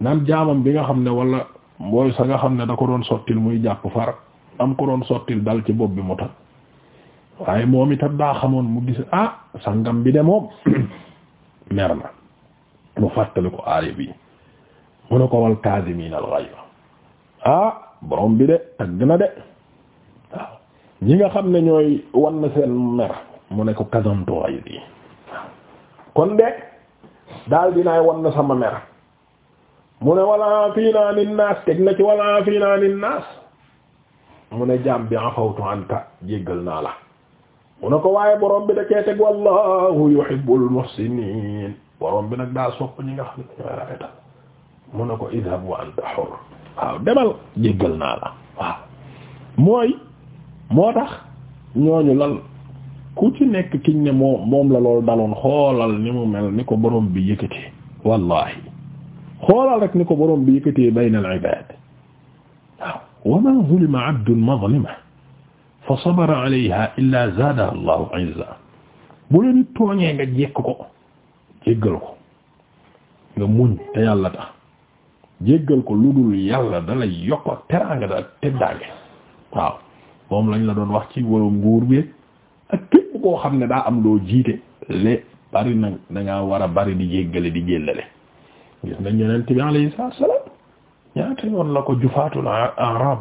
naan jaamam bi nga xam ne walla mbooy sa nga xam ne da ko doon sottil muy jàpp far am ko doon sottil dal ci bopp bi mu tax waaye moom itam daa xamoon mu gis ah sangam bi de moom mer na mu fàttali ko aaya bi mu ne ko wal kaazimiina al-ghayz ah borom bi de tagg na de ñi nga xam ne ñooy wan na seen mer mu ne ko kazamtu ghayzi kon de daal dinaay wan na sama mer mu ne wala afiina anin naas teg na ci wala afiina anin naas mu ne anka jéggal naa la mu ko waaye borom bi da kee teg wallahu yuhibbul muhsinin borom bi mu ne ko idhab wa anta hur waaw demal jéggal naa la waaw mooy moo tax ñooñu lal ku ci nekk kiñ ne moom moom daloon xoolal ni mu mel ni ko borom bi wallahi xoolal rek ni ko borom bi yëkkatee bayna al-ibaad waaw wa maa zulima abdun mazlima fa sabara alayha illa zaadaha allahu izza bu la nit tooñee nga jekk ko jéggal ko nga muñ te yàlla tax jéggal ko lu dul yàlla dalay yokk ak teraanga da teddaange waaw moom lañ la doon wax ci wàllu nguur bi ak képp koo xam ne daa am loo jiite lé bari na dangaa war a bari di jéggale di jéllale gis nañ yonent bi alayhi salaam ñaata yoon la ko jufaatul arab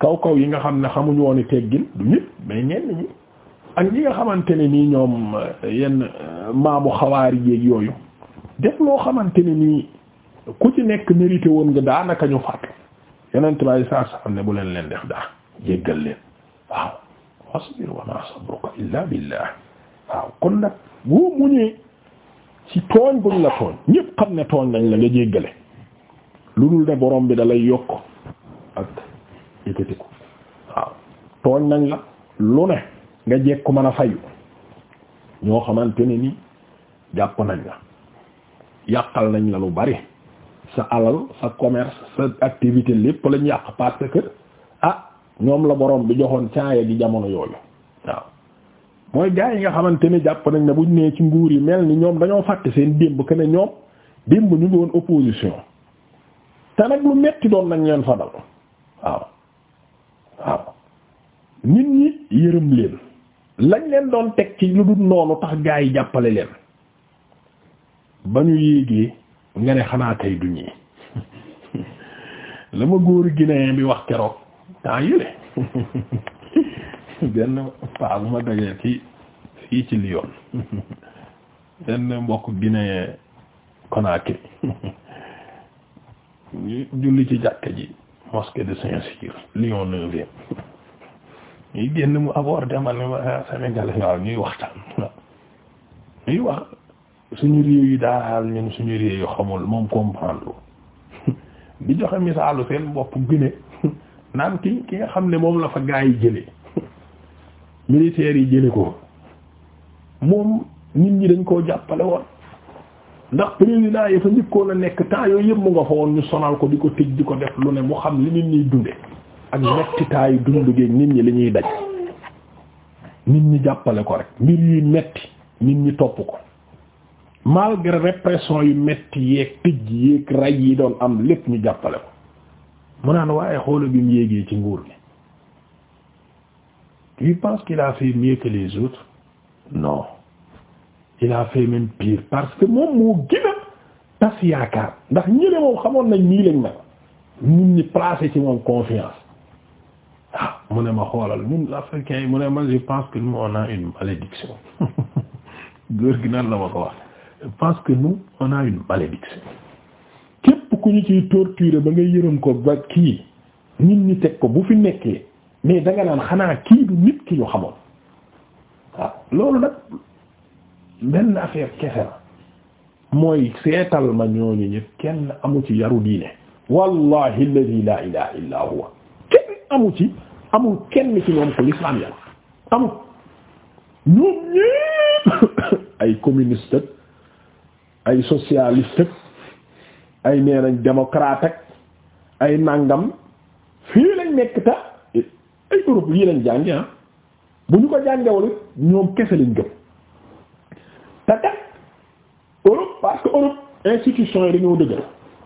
kaw kaw yi nga xam ne xamuñu woon teggin du nit mais ñenn ñi ak ñi nga xamante ne nii ñoom eh, yenn eh, maamu xawaari yéeg yooyu def loo xamante ne nii ku ci nekk mérité woon nga daanaka ñu faatu yonent bi alayhi salaam ne bu leen leen def daa jéggal leen waaw wasbir wa ma sabruka illa waaw kon nag boo muñee ci tooñ buñ la tooñ ñépp xam ne tooñ nañ la nga jéggale lu dul ne borom bi dalay yokk ak yëkkatiku waaw tooñ nañ la lu ne nga jekku man a fayu ñoo xamante ne ni jàpp nañ la yàqal nañ la lu bari sa alal sa commerce sa activité lépp lañ yàq parce que ah ñoom la borom bi joxoon caaya di jamono yooyu waaw mooy gaa yi nga xamante ne jàpp nañ ne buñ nee ci nguur yi mel ni ñoom dañoo fàtte seen démb que ne ñoom démb ñu ngi woon opposition te nag lu metti doon nañ leen fa dal waaw waaw nit ñi yërëm leen lañ leen doon teg ci lu dul noonu tax gaa yi jàppale leen ba ñu yéegee nga ne xanaa tey du ñii ma góor Guinée bi wax keroog temps yële benn paa bu ma dagee fii fii ci Lyon benn mbokk Guinée Conakry ñu julli ci jàkka ji mosquée de Saint-Cyr Lyon neuvième ñuy génn mu aborder ma ne ma ah, Sénégal waaw ñuy waxtaan waaw ñuy wax suñu réew yi daal ñun suñu réew yu xamul moom comprendre di joxe misaalu seen bopp Guinée naan ki ki nga xam ne moom la fa gaa yi jëlee militaires yi jële ko moom nit ñi dañ koo jàppale woon ndax président yi fa njëkkoon a nekk temps yooyu yëpp mu nga fa woon ñu sonal ko di ko tëj di ko def lu ne mu xam li nit ñuy dunde ak mettitaayu dundu géeg nit ñi li ñuy daj nit ñi jàppale ko rek mbir yi metti nit ñi topp ko malgré répression yi metti yeeg tëj yeeg ray yi doon am lépp ñu jàppale ko mu naan waaye xoola bi mu yéegee ci nguur gi tu penses qu'il a fait mieux que les autres non il a fait même parce que moom moo gën a yaakaar ndax ñële moom xamoon nañ nii lañ na ñun ñi placé ci moom confiance ah mu ne ma xoolal ñun africains yi mu ne ma je pense que nous a une malédiction góor gi nan la ma ko wax je pense que a une malédiction képp ku ñu ciy torturer ba nga yërëm ko ba kii ñun ñi teg ko bu fi nekkee mais danga naan xanaa kii du nit ki ñu xamoon loolu nag benn affaire kese la mooy seetal ma ñooñu ñëpp kenn amu ci yaru diine wallahi alladhi la ilaha illa huwa kenn amu ci amul kenn ci ñoom ko l'islam yàlla amul ñoom ñëpp ay communiste ay socialiste ak ay nee nañ ay nangam fii lañ nekk ta ay Europe lii lañ jàngi ah bu ñu ko jàngewul ñoom kese lañ gëm te kat Europe parce que Europe institution yi dañoo dëgër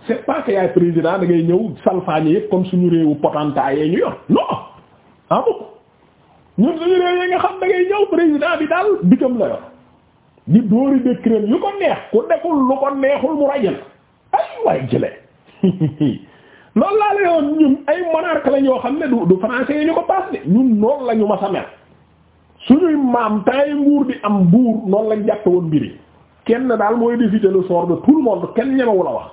c'est pas que yaay président da ngay ñëw salfaañe yëpp comme suñu réewu potentat yee ñu yor réew yi nga xam da ñëw président bi daal bitam la yor di dóori décret yu ko neex ku deful lu ko neexul mu rajal ay waay jëlee loolu laa la yoon ñun ay mona nag lañ xam ne du du français ko paas de ñun la ñu mas a maam tay nguur di am buur noonu lañ jàppe woon mbiri kenn daal mooy décider le sort de tout le ñemewu la wax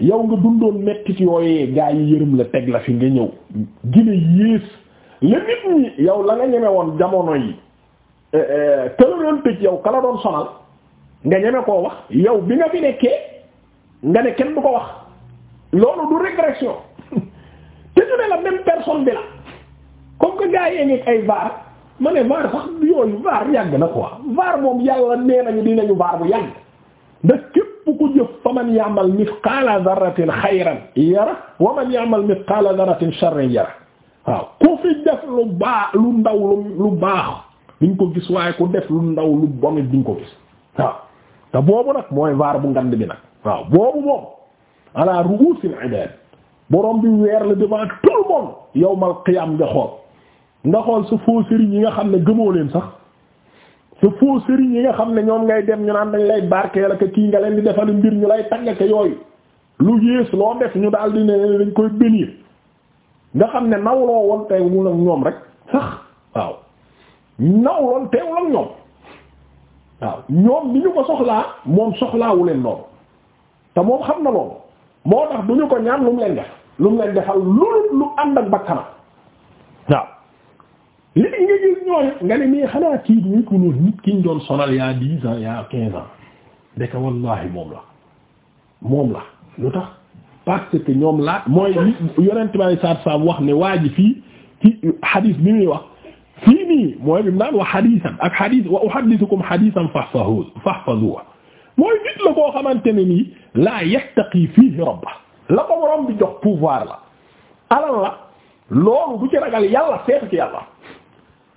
yow nga dundoon metti ci yooyee gaa yi yërëm la teg la fi nga ñëw gine yées la ñi yow la nga ñeme woon jamono yi eh, eh, këla doon tëj yow kala doon sonal nga ñeme koo wax yow bi nga fi nekkee nga ne kenn du ko wax loolu du régression te ñu ne la même personne bi la comme que gars yi ngi ay vaar ma vaar sax yooyu vaar yàgg na quoi vaar moom yàlla nee nañu dinañu vaar bu yàgg ndax képp ku jëf fa man ya'mal mithqala dharratin xayran yara waaw ku fi def lu baax lu ndaw lu baax diñ ko gis waaye ku def lu ndaw lu bon diñ ko gis waaw te boobu nag mooy vaar bu ngand bi nag waaw boobu moom ala ru'usil ibad borom bi weer la devant tout le monde yawmal qiyam nga xool nga xool sa faux sëriñ yi nga xam ne gëmoo leen sax sa faux sëriñ yi nga xam ne ñoom ngay dem ñu naan dañ lay barkeel ak kii nga leen di defal mbir ñu lay tagg ak yooyu lu yées loo def ñu daal di ne dañ koy bénir nga xam ne nawloo woon tey ak ñoom rek sax waaw nawloon teewul ak ñoom waaw ñoom ni ñu ko soxlaa moom soxlaawu leen noonu te moom xam na loolu moo tax du ñu ko ñaan lu mu lu mu leen defal loolu lu ànd ak bakkana waaw léegi nga gis ñooñu nga ne mais xanaa kii nit ku noonu nit ki ñu doon sonal yaa dix ans yaa quinze ans ndeke wallahi moom la moom la lu tax parce que ñoom laat mooy yonent bi saat saam wax ne waa ji fii ci xadiis bi muy wax fii nii mooy bi mu naan wax xadiisan ak xadiis wa uhaddithukum xadiisan fahfazuhu fahfazuhu mooy nit la koo xamante ne nii laa yattaqi fiihi rabba la ko borom bi jox pouvoir la alal la loolu du ci ragal yàlla seetu ci yàlla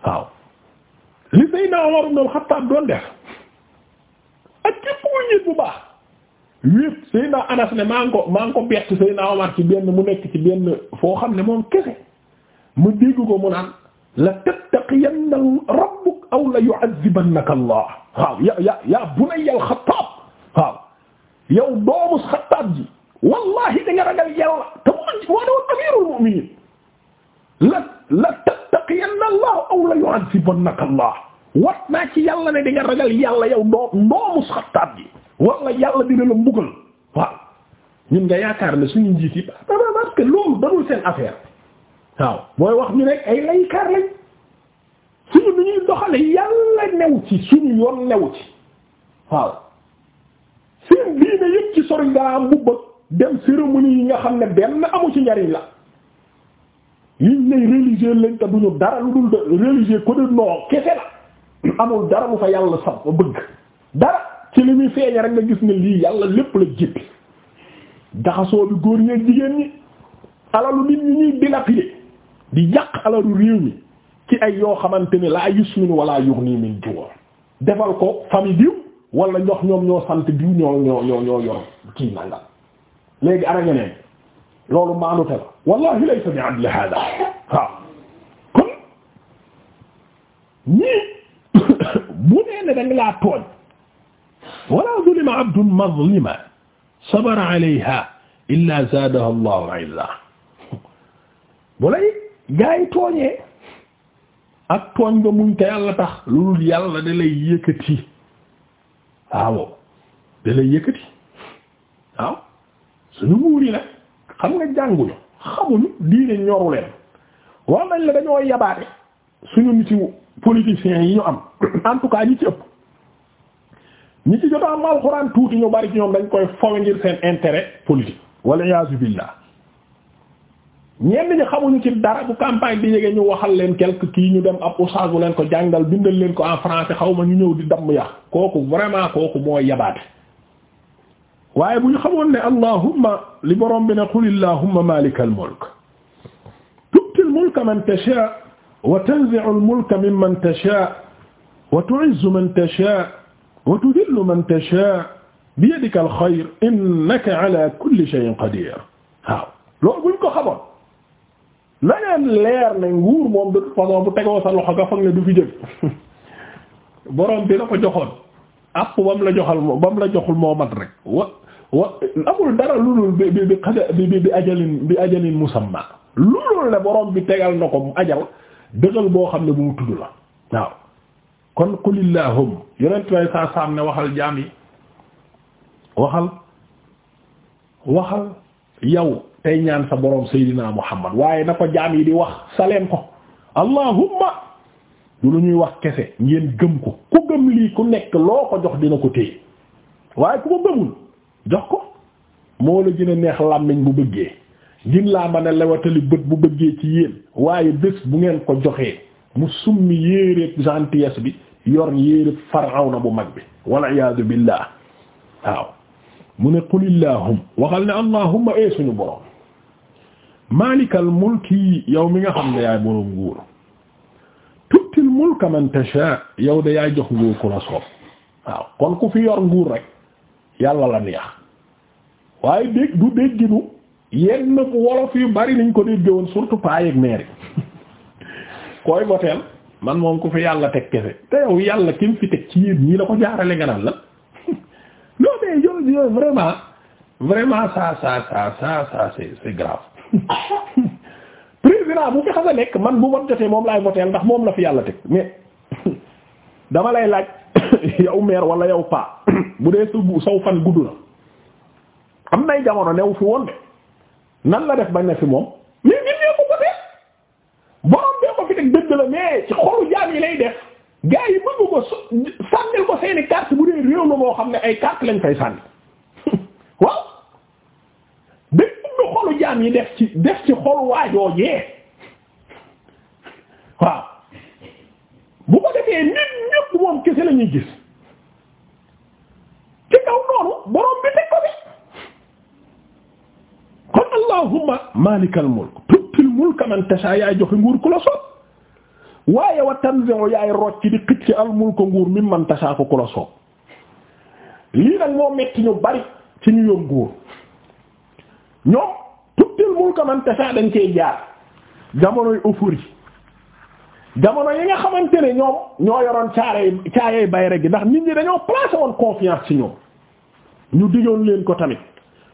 waaw li Seydina Umar ibn al-Khattab doon def ak képp ku bu baax wéet Seydina Anas ne maa ngi ko maa ngi ko bett Seydina ci benn mu nekk ci benn foo xam ne moom kese mu dégg ko mu naan la tattaqiyanna rabbuk aw la yu'azzibannaka Allah waaw ya ya ya bunayya waaw yow doomu Khattab ji wallahi da nga ragal yàlla te moo ne woon amirul mu'minin la la tattaqiyanna allah aw la yu'adhibannaka allah wat naa ci yàlla ne di nga ragal yàlla yow doo ndoomus xattaab gi wala yàlla dina la mbugal waaw ñun nga yaakaar ne suñu njiit yi parce que loolu darul seen affaire waaw mooy wax ñu nekk ay laykaar lañ suñu nu ñuy doxale yàlla new ci suñu yoon new ci waaw seen diine yëpp ci sori ngaa mbubbag dem cérémonie yi nga xam ne benn amu ci njariñ la liñ lay religieux lañ te duñu dara lu dul de religieux ko de noo kese la amul dara bu fa yàlla sab bëgg dara ci li muy feeñe rek nga gis ne lii yàlla lépp la jéppi daxasoo bi góor ñeek jigéen ñi alalu nit ñi ñuy dilapider di yàq alalu réew mi ci ay yoo xamante ni laa yusminu wala yughni min juwa defal ko famille diw wala ñox ñoom ñoo sant diw ñoo ñoo ñoo ñoo yor kii nangam léegi ara ñeneen loolu maanute la wallahi laysa bi adli hada waaw kon ñii bu nee ne dañ laa wala zulima abdun mazlima sabara alayha illa zaadaha allahu izza bu lay gaa yi tooñee ak tooñ nga muñ te yàlla tax loolu yàlla suñu muur yi nag xam nga jànguñu xamuñu diine ñoru leen wax nañ la dañoo yabaate suñu nit yi politiciens yi ñu am en tout cas ñi ci ëpp ñi ci jot a am alxuraan tuuti ñu bari ci ñoom dañ koy fowe ngir seen intérêt politique wala iyaazu billah ñenn ñi xamuñu ci dara bu campagne bi yegee ñu waxal leen quelque kii ñu dem ab oustaz bu leen ko jàngal bindal leen ko en français xaw ma ñu ñëw di damm yàq kooku vraiment kooku mooy yabaate waaye bu xamoon ne allahumma li borom bi ne qul allahumma malikal mulk tu'til mulka man tashaa wa tanzi'ul mulka mimman tashaa wa tu'izzu man tashaa wa tudhillu man tashaa biyadikal xayr innaka na ngeen leer ne joxoon app la joxal bam la joxul wa amul dara lu dul bi bi bi bi ajalin bi ajalin musamma lu dul ne borom bi tegal na ko mu ajal dëgal boo xam ne bu mu tudd la waaw kon qulillahum yonent way saa saam ne waxal jaam yi waxal waxal yow tey ñaan sa borom Seydina Muhammad waaye na ko jaam yi di wax saleen ko allahumma du lu ñuy wax kese ngeen gëm ko ku gëm lii ku nekk loo ko jox dina ko téye waaye ku ko gëmul jox ko moo la gën a neex làmmiñ bu bëggee gin laa mën a lewatali bët bu bëggee ci yéen waaye bés bu ngeen ko joxee mu summi yéeréeb gentillesse bi yor yéeréeb Firawna bu mag bi wal iyaadu billah waaw mu ne qulillahum waxal ne allahumma ee eh, suñu borom maalikal mulki yow mi nga xam ne yaay boroom nguur tuutil mulka man tasha yow de yaay jox nguur ku la soob waaw kon ku fi yor nguur rek yàlla la neex waaye dégg du dégginu yenn wolof yu bari niñ ko dégge woon surtout payeeg maire koy voteel man moom ku fi yàlla teg kese te yow yàlla kim fi teg ci yéen ñii la ko jaarale nga naan la non mais yooyu yooyu vraiment vraiment ça ça ça ça ça c'est c'est grave président bu fi xas a nekk man bu vote jotee moom laay voteel ndax moom la fi yàlla teg mais dama lay laaj yow meer wala yow paa bu dee su saw fan gudd na am nay jamono new fi woon de nan la def bañ na fi moom mais ñun ñoo ko ko def borom bee ko fi teg la mais ci xolu jaam yi lay def gars yi bëgg ko sànnil ko seeni carte bu dee réew la moo xam ne ay carte lañ fay sànni waaw dañ bëgg xolu jaam yi def ci def ci xolu waajoojee waaw bu ko defee nit ñëpp moom kese la ñuy gis ci kaw noonu borom bi teg ko bi kon allahumma malikal mulk tuutil mulka man tasha yaay joxe nguur ku la waaye wa tanzi'u yaay rocc di xicc al mulka nguur mi man tasha ko ku la lii nag moo metti ñu bari ci ñu yor nguur ñoom tuutil mulka man tasha dañ cee jaar jamonoy offori jamono yi nga xamante ne ñoom ñoo yoroon caare caayey bayre gi ndax nit ñi dañoo placé woon confiance ci ñoom ñu diggoon leen ko tamit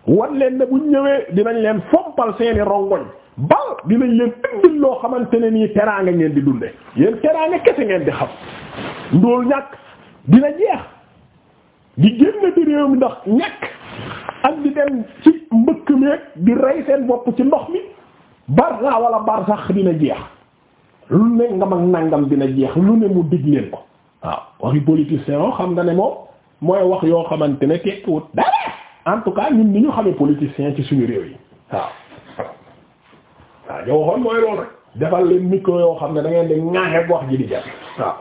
wan leen ne buñ ñëwee dinañ leen fompal seeni rongoñ bal dinañ leen indil loo xamante ne nii teraanga ngeen di dunde yéen teraanga kese ngeen di xam ndool ñàkk dina jeex di génn di mi ndax ñàkk ak di dem ci mbëkk meeg di rey seen bopp ci ndox mi bar wala bar sax dina jeex lu ne nga ma nangam dina jeex lu ne mu dig leen ko waaw waxi politicien oo xam nga ne moom mooy wax yoo xamante ne tekkiwut dara en tout cas ñun ni ñu xamee politicien ci suñu réew yi waaw waaw ñoo waxoon mooy loolu rek defal leen micro yoo xam ne da ngeen di ŋaaxeeb wax ji di jar waaw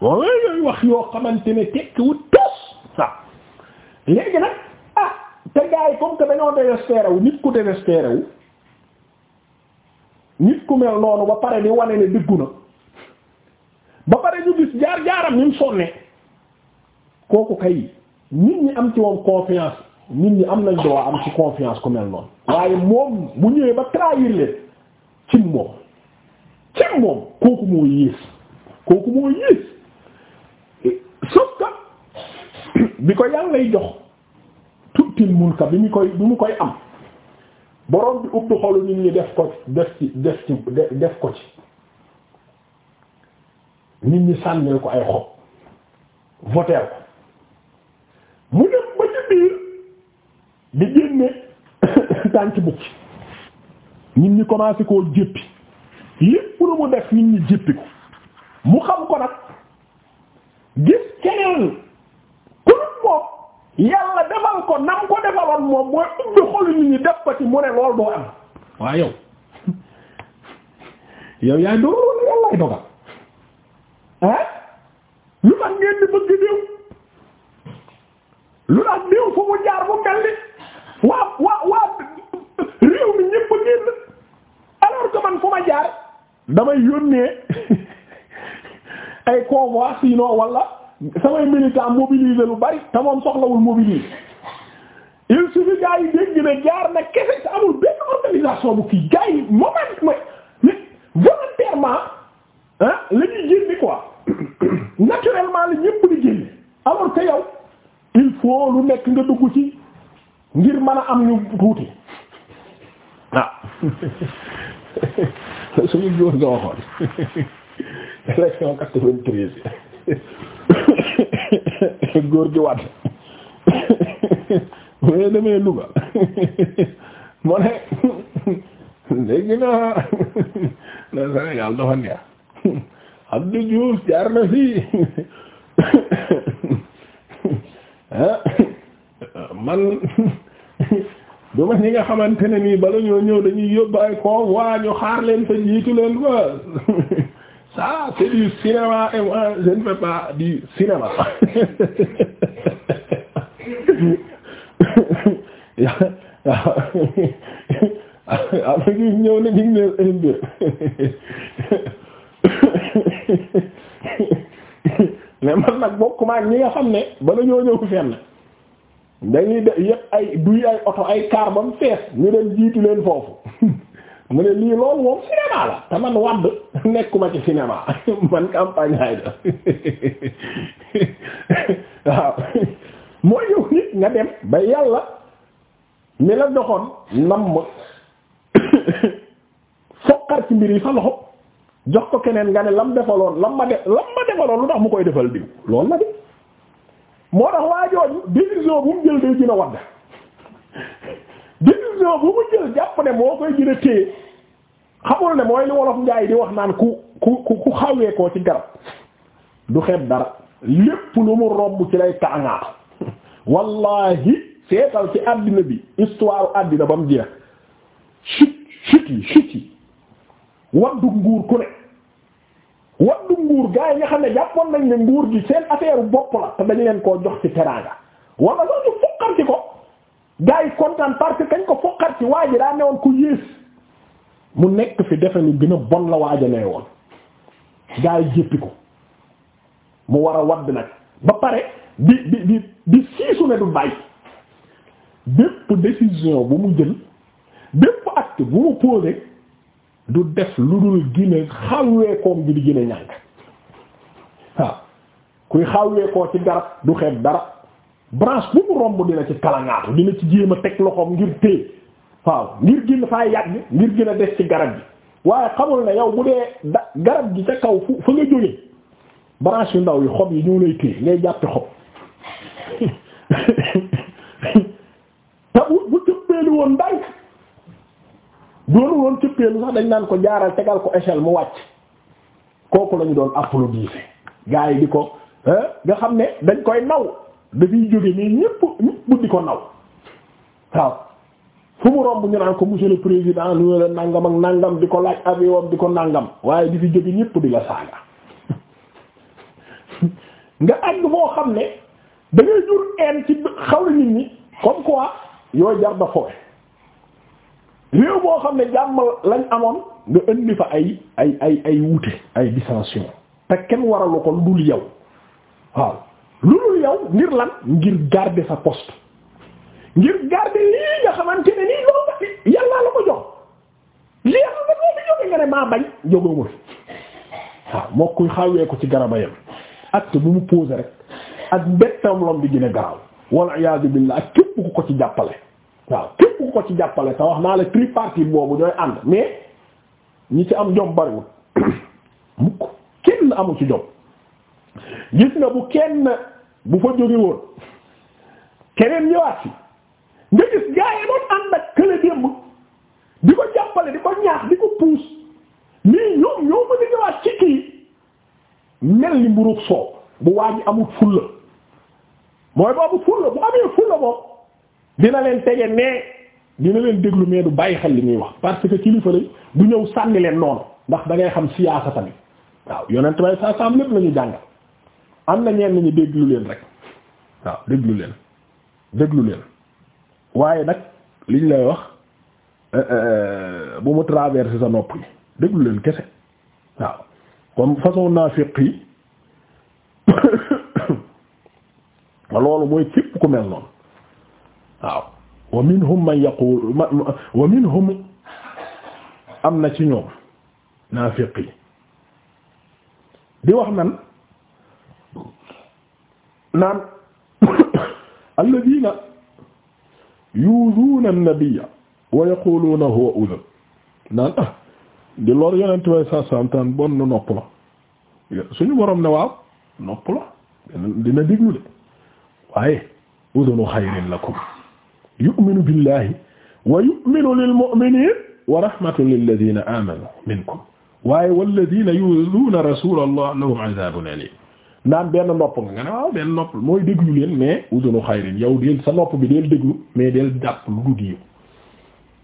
waaw mooy yooyu wax yoo xamante ne tekkiwut tos waaw léegi nag ah te gars yi comme que dañoo désespéré wu nit ku désespéré wu nit ku mel noonu ba pare ni wane ne dëggu na ba pare ñu gis jaar-jaaram ni mu sonne kooku kay nit ñi am ci woon confiance nit ñi am nañ droit am ci confiance ku mel noonu waaye moom bu ñëwee ba trahir leen ci moom ci moom kooku moo yées kooku moo yées sauf que bi ko yàlla lay jox tuutil mulka bi mu koy bi mu koy am borom bi ubbi xolu nit ñi def ko def ci def ci def ko ci nit ñi sànnil ko ay xob voter ko mu dem ba ci biir di génne tànk bukki nit ñi commencé koo jéppi lépp lu mu def nit ñi jéppi ko mu xam ko nag gis keneen ku moom yàlla defal ko nam ko defaloon moom mooy ubbi xolu nit ñi def ko ci mu ne lool doo am waaw yow yow yaay doo loolu yàllaay dogal ah lu tax ngeen di bëgg néew lu tax néew ni waa waa waa réew mi ñépp génn alors que man fu ma jaar damay yónnee ay convois sinon wala samay militant mobiliser lu bari te moom soxlawul mobiliser il suffit gars yi dégg ne jaar na kese te amul benn organisation bu kii gars yi moment mooy nit volontairement ah la génne quoi naturellement la ñëpp di génne alors que yow il faut lu nekk nga dugg ci ngir mën a am ñu tuuti waaw ah. su góor nga waxoon élection góor gi waat bu demee Louga mu ne léegi naa le Sénégal dafa neex Abdou Diouf jaar na ah, man du ma ñi nga xamante ne nii bala ñoo ñëw dañuy yóbbu ay convoi ñu xaar leen fa jiitu leen fa ça c'est du cinéma et moi je ne fais pas du cinéma am na ñu ñëw ne ñu ne un mbir man nag bokkuma ak ñi nga xam ne bala ñoo ñëw fenn dañuy de yépp duy ay oto ay kaar ba fees ñu dem jiitu leen foofu mu ne lii loolu moom cinéma la te man wadd nekkuma ci cinéma man campagne ay da waaw mooy yow nit nga dem ba yàlla mi la doxoon namm foqar ci mbir yi sa loxo jox ko keneen nga ne lam defaloon lam ma de lam defaloon lu tax mu koy defal diw loolu la de moo tax waa jooju décision bu mu jël day gën a décision bu mu jël jàpp ne moo koy gën a téye xamul ne mooy li wolof njaay di wax naan ku ku ku xawee koo ci garab du xeeb dara lépp lu mu romb ci lay tàngaar wallahi seetal ci àddina bi histoire àddina ba mu jeex chute chute waddu nguur ku ne waddu nguur gaa yi nga xam ne jàppoon nañ ne nguur gi seen affaire bopp la te dañ leen koo jox ci teraanga wala loolu fukkar ci ko gaa yi kontaan parce que kañ ko foqar ci waa ji daa newoon ku yées mu nekk fi defe lu gën a bon la waajalee woon gaa yi jéppi ko mu war a wadd nag ba pare di di di di siisu ne du bàyyi bépp décision bu mu jël bépp acte bu mu posé du def lu dul gine xawwee koom di gine ñàng waaw kuy xawwee ci garab du xeeb dara branche bu mu romb dina ci kalangaatu dina ci jéem teg loxoom ngir téye waaw ngir gën faa yàgg ngir gën a des ci garab gi waaye xamul ne yow bu dee da garab gi ca kaw fu fa nga jógee branche yu ndaw yi xob yi ñoo lay téye ngay jàppe xob te bu bu cëppeelu woon ndànk doonu woon cëppeelu sax dañ naan ko jaaral tegal ko échelle mu wàcc kooku lañu doon applaudir gaa yi di ko nga xam ne dañ koy naw dafay jóge mais ñépp ñépp di ko naw waaw fu mu romb ñu naan ko monsieur le président lu la nangam ak nangam di ko laaj avion di ko nangam waaye di fi jóge ñépp di la saaga nga àgg moo xam ne da ngay jur en ci xaw nit ñi comme quoi yooyu jar na foofu réew moo xam ne jàmm lañ amoon nga indi fa ay ay ay ay wuute ay dissension te kenn waralu ko dul yow waaw. lu dul yow ngir lan ngir garder sa poste ngir garder lii nga xamante ne nii loolu ba yàlla la ko jox lii yàlla la ko jox nga ne maa bañ jógoo ma waaw moo koy xawee ko ci garaba yam acte bu mu posé rek ak mbettam lom bi gën a garaaw wal iyaadu billaah ak képp ku ko ci jàppale waaw képp ku ko ci jàppale te wax naa la tripartite boobu ñooy ànd mais ñu ci am jom bariwul mukk kenn amu ci jom gis nga bu kenn bu fa jóge woon keneen ñëwaat si nga gis gaa yi doon ànd ak kële di ko jàppale di ko ñaax di ko puus mais ñoom ñoo mën a ñëwaat ci kii mel ni mburuug soow bu waa ji amul fulla mooy boobu fulla bu amee fulla moom dina leen tege nee dina leen déglu mais du bàyyi xel li muy wax parce que kilifa lañ du ñëw sànni leen noonu ndax da ngay xam siyaasa tamit waaw yonent bay sa sam lépp la ñu jàngal am na ñenn ñi déglu leen rek waaw déglu leen déglu leen waaye nag liñ lay wax euh, euh, bu mu traversé sa nopp yi déglu leen kese waaw comme façon naafiq loolu mooy képp ku mel noonu waaw wa minhum man yaqulu wa minhum am na ci ñoom naafiq yi di wax nan naan alladina yuuzuuna nabiyya wa yaquluuna huwa udhun naan ah di lor yonent way sa santaan bon nu nopp la suñu borom ne waaw nopp la dina déglu de waaye udhunu xayrin lakum yu'minu billahi wa yu'minu lil mu'minin wa rahmatun lil ladina amanu minkum waaye wal ladina yuuzuuna rasulallah lahum azabun alim naan benn nopp nga nga ne waaw benn nopp mooy déglu leen mais udunu xayrin yow deel sa nopp bi deel déglu mais deel jàpp lu dul yiw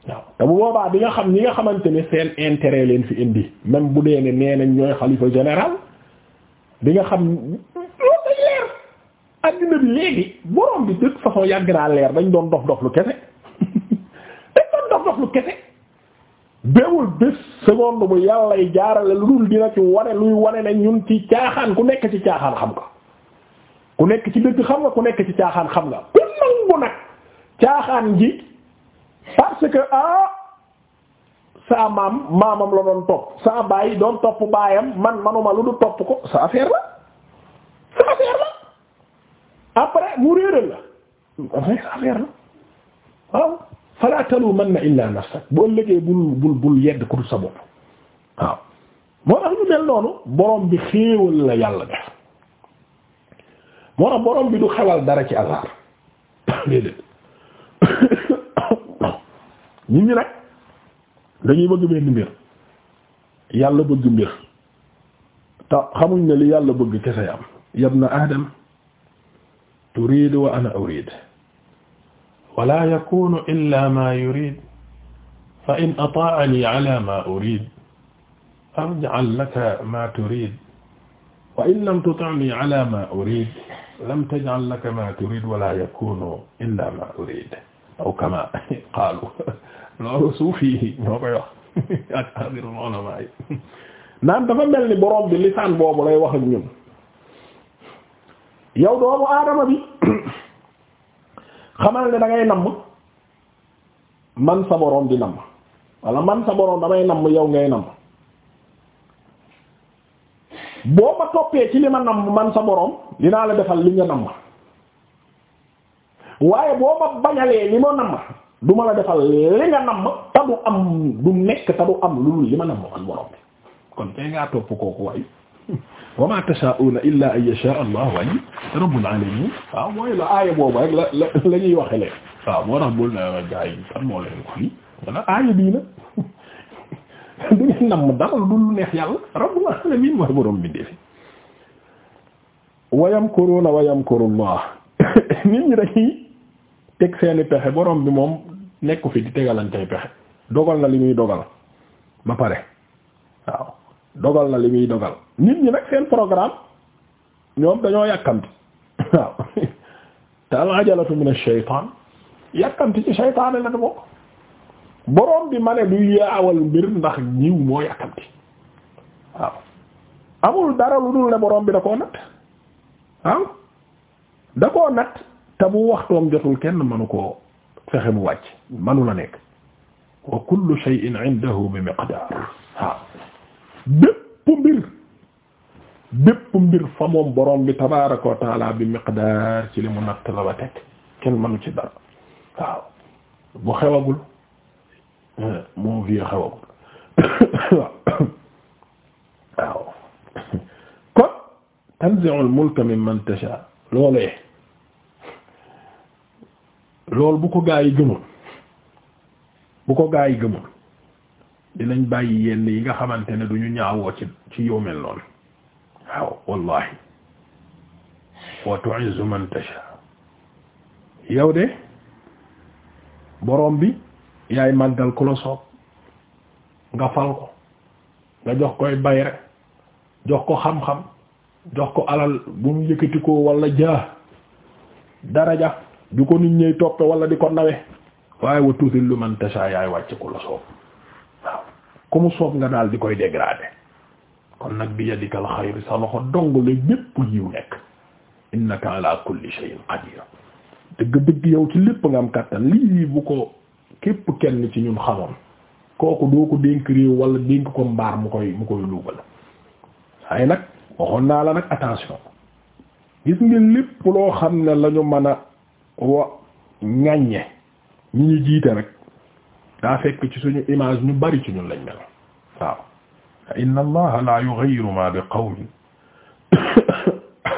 waaw te bu boobaa bi nga xam ñi nga xamante ni seen intérêt leen fi indi même bu dee ne nee nañ ñooy xalifa général bi nga xam loolu dañ leer addina bi léegi borom bi de façon yàgg naa leer dañ doon dox dox lu kese dañ doon dof dof lu kese béewul bés seconde bu yàlla y jaarale lu dul dina ci wane luy wane ne ñun ci caaxaan ku nekk ci caaxaan xam nga ku nekk ci dëgg xam nga ku nekk ci caaxaan xam nga ku nangu nag caaxaan ji parce que ah sa maam maamam la doon topp sa baay doon topp baayam man manuma lu du topp ko sa affaire la sa affaire la après mu réeral la sa affaire la fala talumanna illa nafsak boo lëgee bul bul bul yedd ku sa bopp waaw moo tax ñu mel noonu borom bi xéewal la yàlla def moo tax borom bi du xewal dara ci hasard déedéet nit ñi nag dañuy bëgg benn mbir yàlla bëgg mbir te xamuñ ne li yàlla bëgg kese am yabna adam turidu wa ana uridu wala yakunu illa ma yurid fa in ata'ani ala ma urid arja'al laka ma turid wa in lam tuta'ni ala ma urid lam taj'al laka ma turid wala yakunu illa ma urid aw kama qaalu loolu suufi ñoo koy wax ak amirul ulama yi naan dafa mel ni borom bi lisaan boobu lay wax ak ñun yow doomu aadama bi xamal ne dangay ngay namm man sa boroom di namm wala man sa boroom damay namm yow ngay namm boo ma toppee ci li ma namm man sa boroom dinaa la defal li nga namm waaye boo ma bañalee li ma namm du la defal li nga namm te am du nekk te am lu li ma namm man boroom bi kon kay ngaa topp kooku waaye wa ma tashaa'una illa an yasha allah way rabbul alamin waaw mooy la aaya boobu rek la la la ñuy waxele waaw moo tax bul euh, la neex yàlla rabbul alamin mooy borom bindee fi wa yamkuruna wa yamkurullah nit ñi dañuy teg seeni pexe borom bi moom nekku fi di tegalantey pexe dogal na li muy dogal ba pare waaw dogal na li muy dogal nit ñi nag seen programme ñoom dañoo yàkkamti waaw te al ajalatu min ash-shaytaan yàkkamti ci shaytaane la bokk boroom bi ma ne du yaawal mbir ndax ñiw moo yàkkamti waaw amul dara lu dul ne boroom bi da koo natt waaw da koo natt te bu waxtoom jotul kenn mënu koo fexe mu wàcc manu la nekk wa kullu shay'in 'indahu bi miqdaar waaw bépp mbir bépp mbir fa moom bi tabaaraka wa taala bi miqdaar ci li mu natt la kenn mënu ci dara waaw bu xewagul eh, moo vie xewagul waaw kon tanzi'ul mulka mimman tasha loolee loolu bu ko gaa yi gëmul bu ko gaa gëmul dinañ bàyyi yenn yi nga xamante ne duñu ñaawoo ci ci yow mel noonu waaw wallahi wa tu'izzu man yow de borom bi yaay màggal kula la soob nga fal ko nga jox koy bayre jox ko xam-xam jox ko alal bu mu yëkkati walla wala jaa daraja du ko nit ñëy toppe wala di ko nawe waaye wa tuzillu man tasha yaay wàcc ku la soob ku mu soob nga daal di koy dégradé kon nag bi yadikal xayr sa loxo dong la lépp yiw nekk innaka ala kulli shay'in qadir dëgg-dëgg yow ci lépp nga am kàttan lii bu ko képp kenn ci ñun xamoon kooku doo ko dénk réew wala dénk ko mbaar mu koy mu koy luubal waaye nag waxoon naa la nag attention gis nga lépp loo xam ne lañu ñu mën a wa ñàññe ñi ñu jiite rek daa fekk ci suñu image ñu bari ci ñun lañ mel waaw inna allaha la yughayyiru ma bi qawmin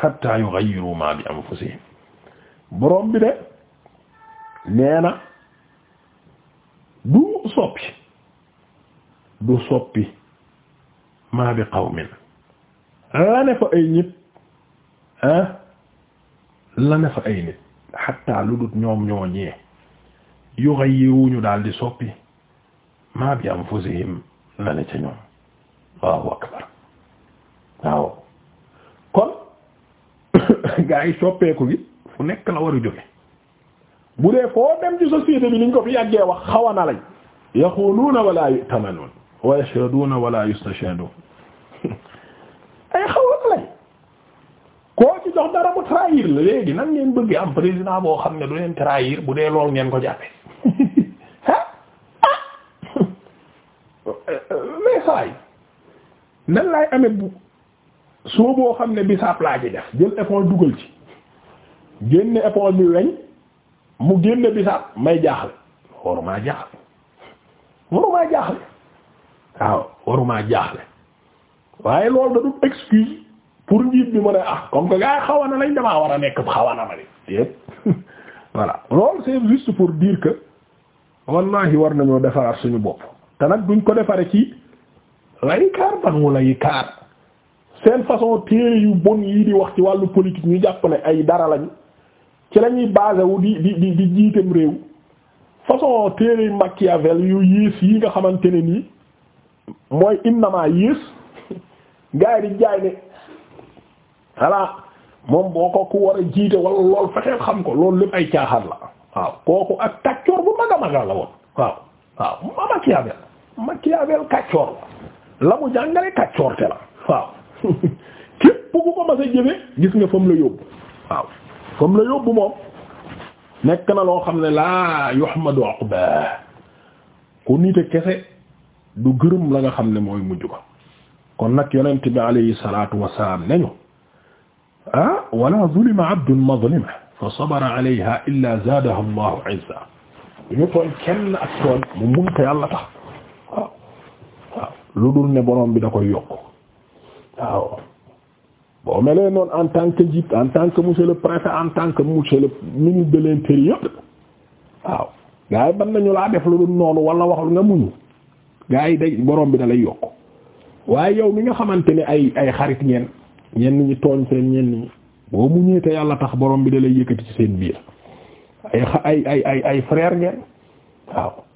hatta yughayyiru ma bi anfusihim borom bi de nee na du soppi du soppi ma bi qawmin la ne fa ay nit ah la ne fa ay nit hatta lu dut ñoom ñoo yughayyiruñu daal di soppi ma bi anfusihim la ne ca ñoom Allahu akbar waaw kon gaa soppeeku gi fu nekk la war a jóge bu dee foo dem ci société bi niñ ko fi yàggee wax xawana lañ yaquluuna wala yu'tamanuun wa yashhaduuna wala yustashhaduun ay xawana lañ koo ci jox dara mu trahir la léegi nan ngeen bëgg am président boo xam ne du leen trahir bu dee lool ngeen ko jàppe nan laay amee bu soo boo xam ne bisaab laa ci def jël éponge dugal ci génne éponge bi weñ mu génne bisaab may jaaxle warumaa jaaxle warumaa jaaxle waaw warumaa jaaxle waaye loolu da du excuse pour njiit bi mën a ah comme que gaa yi xawana lañ damaa war a nekk xawana ma de yépp voilà lool c'est juste pour dire que wallahi war nañoo defaraat suñu bopp te nag duñ ko defare ci laykaar banu laykaar seen façon téere yu bon yi di wax ci wàllu politique ñu jàpp ne ay dara lañu ci la ñuy basé wu di di di di jiitam réew façon téere Machiavel yu yées yi nga xamante ne nii mooy innamaa yées gars yi di jaay ne voilà moom boo ko ku war a jiite wala lool fexeel xam ko loolu lépp ay caaxaan la waaw kooku ak tàccoor bu mag a la woon waaw waaw Machiavel Machiavel kàccoor la la mu jàngale kàccoorte la waaw képp ko mas a jëfe gis nga fam la yóbbu waaw fam la yóbbu moom nekk na loo xam ne laa yuhmadu uqba ku nite kese du gërëm la nga xam ne mooy mujj ko kon nag yonent bi alayhi salaatu wasalaam nañu ah wala zulima abdun mazlima fa sabara alayha illa zaadaha allahu izza duñu tooñ kenn ak mu mun ko tax lu dul ne borom bi da koy yokk waaw boo melee noonu en tant que njiit en tant que monsieur le préfet en tant que monsieur le ministre de l'intérieur waaw gaa yi mën nañu laa def lu dul noonu wala waxul nga muñu gaa yi day borom bi da lay yokk waaye yow mi nga xamante ni ay ay xarit ngeen ñenn ñi tooñ seen ñenn ñi boo muñee te yàlla tax borom bi da lay yëkkati ci seen biir ay ay ay ay frère ngeen waaw.